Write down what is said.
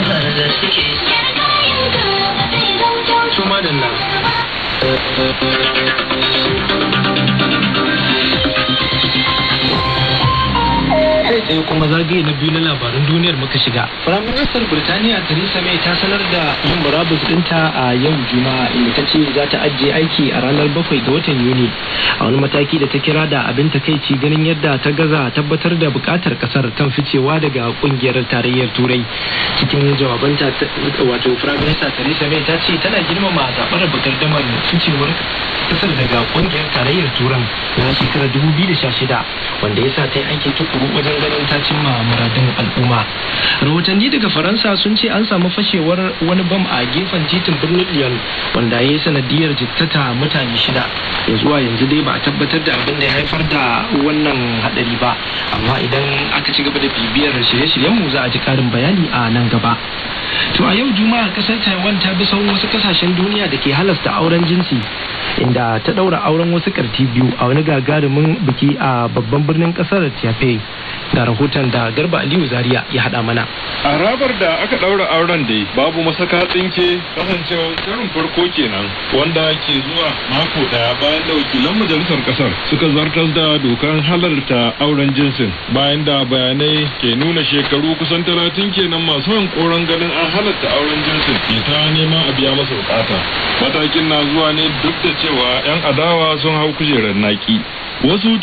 mutane da suke su madalla ɗaya kuma zagaye na biyu na labarin duniyar muka shiga. Firaministan Birtaniya Theresa May ta sanar da yin murabus ɗinta a yau Juma'a inda ta ce za ta ajiye aiki a ranar bakwai ga watan Yuni a wani mataki da ta kira da abin takaici ganin yadda ta gaza tabbatar da buƙatar ƙasar kan ficewa daga ƙungiyar tarayyar Turai. Cikin jawabanta wato Firaminista Theresa May ta ce tana girmama zaɓar damar ficewar ƙasar daga ƙungiyar tarayyar Turan na shekarar 2016 wanda ya sa ta yi aiki tukuru wajen ganin ta cimma muradin al'umma rahotanni daga faransa sun ce an samu fashewar wani bam a gefen titin birnin lyon wanda ya yi sanadiyar jittata mutane shida ya zuwa yanzu dai ba a tabbatar da abin da ya haifar da wannan hadari ba amma idan aka ci gaba da bibiyar shirye shiryen mu za a ji karin bayani a nan gaba to a yau juma'a kasar taiwan ta bi sauran wasu kasashen duniya da ke halasta auren jinsi inda ta daura auren wasu karti biyu a wani gagarumin biki a babban birnin kasar taipei Da rahoton da garba aliyu zaria ya haɗa mana a rabar da aka ɗaura auren da babu masaka tsinke kasancewar karin farko kenan wanda ke zuwa mako daya bayan da wakilan majalisar kasar suka zartar da dokar halarta auren jinsin bayan da bayanai ke nuna shekaru kusan talatin kenan masu hankoron ganin an halarta auren jinsin ke ta neman a biya masa bukata matakin na zuwa ne duk da cewa 'yan adawa sun hau kujerar naki wasu